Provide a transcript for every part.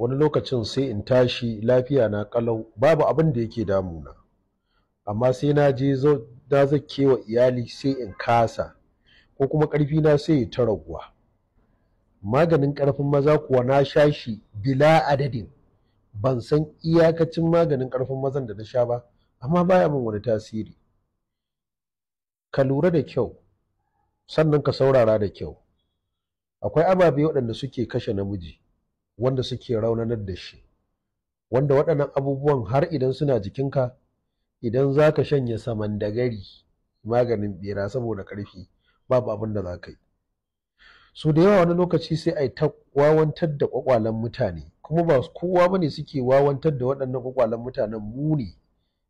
wani lokacin sai in tashi lafiya na kalau babu abin da yake damuna amma sai na je da zake wa iyali sai in kasa ko kuma ƙarfi na sai ya ta raguwa maganin ƙarfin maza kuwa na sha shi bila adadin ban san iyakacin maganin ƙarfin mazan da na sha ba amma baya min wani tasiri ka lura da kyau sannan ka saurara da kyau akwai ababe waɗanda suke kashe namiji wanda suke raunanar da shi wanda waɗannan abubuwan har idan suna jikinka idan za ka shanye saman da gari maganin bera saboda ƙarfi babu abin da za ka yi su da yawa wani lokaci sai a yi ta wawantar da ƙwaƙwalen mutane kuma ba kowa bane suke wawantar da waɗannan ƙwaƙwalen mutanen mu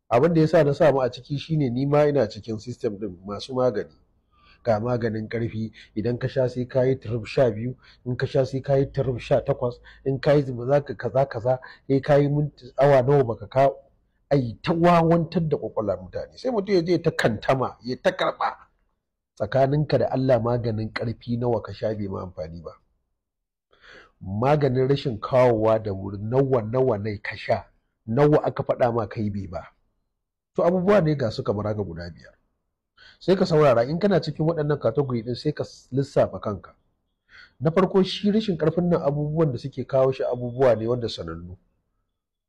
abin da ya sa na samu a ciki shine ni ma ina cikin system ɗin masu magani ga maganin ƙarfi idan ka sha sai kayi turub sha biyu in ka sha sai kayi turub sha takwas in kayi zuba za ka kaza kaza sai kayi minti awa nawa baka ka ai ta wawantar da kwakwalwar mutane sai mutum ya je ta kantama ya ta karɓa tsakaninka da Allah maganin ƙarfi nawa ka sha bai ma amfani ba maganin rashin kawowa da wuri nawa nawa ne ka sha nawa aka faɗa ma kai bai ba to abubuwa ne ga su kamar haka guda biyar sai ka saurara in kana cikin waɗannan category din sai ka lissafa kanka na farko shi rashin karfin nan abubuwan da suke kawo shi abubuwa ne wanda sanannu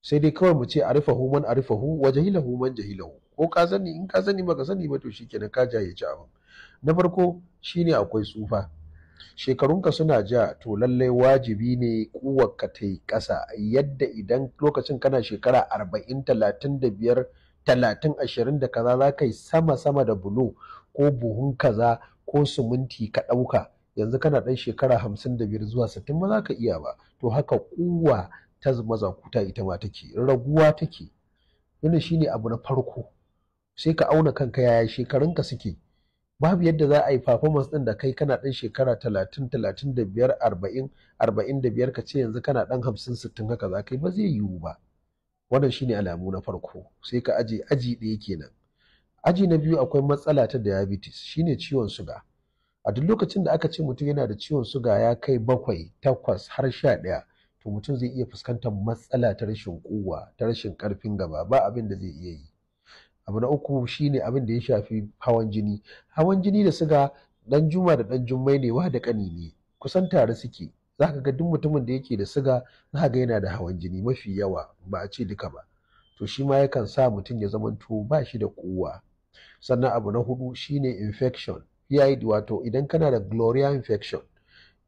sai dai kawai mu ce arifahu man arifahu wa jahilahu man jahilahu ko ka sani in ka sani ka sani ba to shikenan ka jayyaci abin na farko shine akwai tsufa shekarunka suna ja to lallai wajibi ne ka ta yi ƙasa yadda idan lokacin kana shekara arba'in talatin da biyar talatin ashirin da kaza za ka yi sama sama da bulo ko buhun kaza ko suminti ka ɗauka yanzu kana ɗan shekara hamsin da biyar zuwa sittin ba za ka iya ba to haka kuwa ta kuta ita ma take raguwa take wannan shine abu na farko sai ka auna kanka yaya shekarunka suke babu yadda za a yi performance ɗin da kai kana ɗan shekara talatin talatin da biyar arba'in arba'in da biyar ka ce yanzu kana ɗan hamsin sittin haka za ka yi ba zai yiwu ba wannan shine alamu na farko sai ka aje aji ɗaya kenan aji na biyu akwai matsala ta diabetes shine ciwon suga a duk lokacin da aka ce mutum yana da ciwon suga ya kai bakwai takwas har sha ɗaya to mutum zai iya fuskantar matsala ta rashin kuwa ta rashin karfin gaba ba abin da zai iya yi abu na uku shine abin da ya shafi hawan jini hawan jini da suga ɗan juma da ɗan jummai ne wa da kani ne kusan tare suke za ka ga duk mutumin da yake da siga za ga yana da hawan jini mafi yawa ba a ce duka ba to shi ma yakan sa mutum ya to ba shi da kowa sannan abu na hudu shine infection PID wato idan kana da gloria infection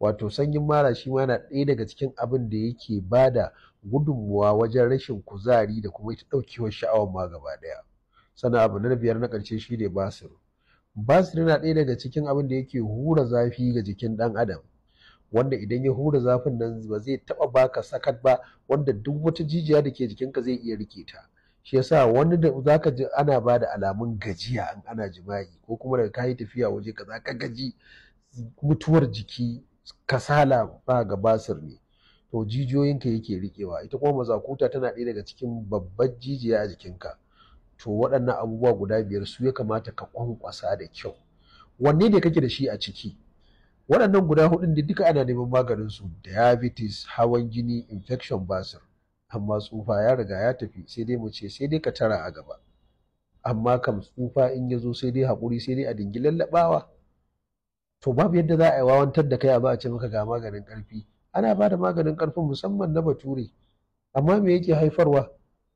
wato sanyin mara shi ma yana ɗaya daga cikin abin da yake ba da gudunmuwa wajen rashin kuzari da kuma ita ɗaukewar sha'awar ma gaba ɗaya sannan abu na biyar na ƙarshe ne basir basir na ɗaya daga cikin abin da yake hura zafi ga jikin ɗan adam wanda idan ya hura zafin nan ba zai taba baka sakat ba wanda duk wata jijiya da ke jikinka zai iya rike ta shi yasa wani da zaka ji ana ba da alamun gajiya in ana jima'i ko kuma daga kayi tafiya waje ka za ka gaji mutuwar jiki kasala ba ga basir ne to jijiyoyinka yake rikewa ita kuma mazakuta tana ɗaya daga cikin babbar jijiya a jikinka to waɗannan abubuwa guda biyar su ya kamata ka kwankwasa da kyau wanne ne kake da shi a ciki waɗannan guda hudun da duka ana neman maganin su diabetes hawan jini infection basir amma tsufa ya riga ya tafi sai dai mu ce sai dai ka tara a gaba amma kam tsufa in ya zo sai dai haƙuri sai dai a dingi lallaɓawa to babu yadda za a yi wawantar da kai a ba a ce maka ga maganin ƙarfi ana ba da maganin ƙarfin musamman na bature amma me yake haifarwa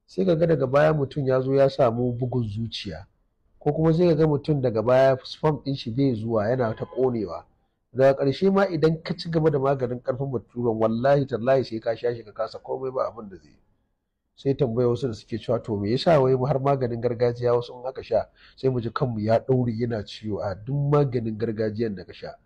sai ka ga daga baya mutum ya zo ya samu bugun zuciya ko kuma sai ka ga mutum daga baya sperm ɗin shi bai zuwa yana ta ƙonewa daga ƙarshe ma idan ka ci gaba da maganin ƙarfin baturan wallahi tallahi sai ka sha shi ka kasa komai ba abin da zai yi sai tambaya wasu da suke cewa to me yasa wai har maganin gargajiya wasu in aka sha sai mu ji kanmu ya ɗaure yana ciwo a duk maganin gargajiyan da ka sha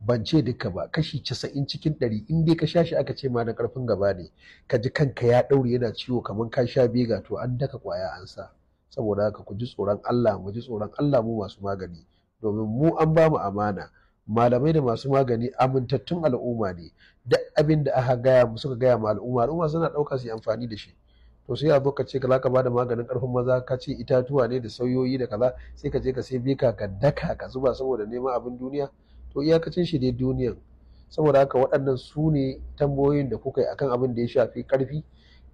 ban ce duka ba kashi casa'in cikin ɗari in dai ka sha shi aka ce ma na ƙarfin gaba ne ka ji kanka ya ɗaure yana ciwo kamar ka sha bega to an daka ƙwaya an sa saboda haka ku ji tsoron Allah mu ji tsoron Allah mu masu magani domin mu an ba mu amana malamai da masu magani amintattun al'umma ne duk abin da aka gaya mu suka gaya ma al'umma al'umma suna ɗauka su yi amfani da shi to sai a zo ka ce ka ka bada maganin ƙarfin maza ka ce itatuwa ne da sauyoyi da kaza sai ka je ka sai bika ka daka ka zuba saboda neman abin duniya to iyakacin shi dai duniyan saboda haka waɗannan su ne tambayoyin da kuka yi akan abin da ya shafi ƙarfi,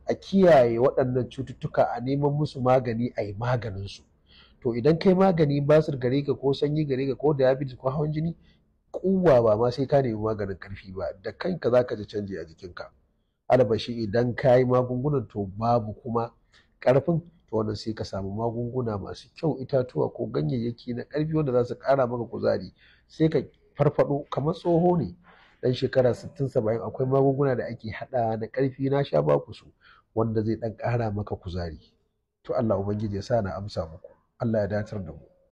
a kiyaye waɗannan cututtuka a neman musu magani a yi maganinsu to idan kai magani basir gare ka ko sanyi gare ka ko diabetes ko hawan jini kuwa ba ma sai ka nemi maganin karfi ba da kanka za ka ji canji a jikinka albashi idan ka yi magungunan to babu kuma karfin to wannan sai ka samu magunguna masu kyau itatuwa ko ganyayyaki na karfi wanda za su kara maka kuzari sai ka farfado kamar tsoho ne dan shekara 60 70 akwai magunguna da ake hada na karfi na sha baku su wanda zai dan kara maka kuzari to Allah ubangiji ya sa na amsa muku Allah ya datar da mu